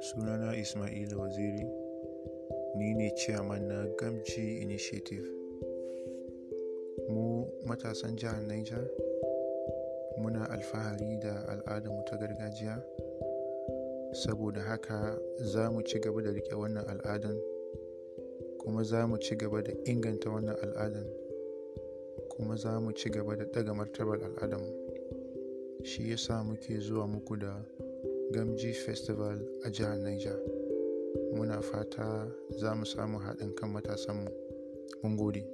sunana ismaila waziri ni ne chairman na gamji initiative mu matasan jihar niger muna alfahari da al'adarmu ta gargajiya saboda haka za mu ci gaba da riƙe wannan al'adan kuma za mu ci gaba da inganta wannan al'adan kuma za mu ci gaba da ɗaga martabar al'adarmu shi yasa muke zuwa muku da gamji festival a jihar niger muna fata za mu samu haɗin kan matasanmu mun gode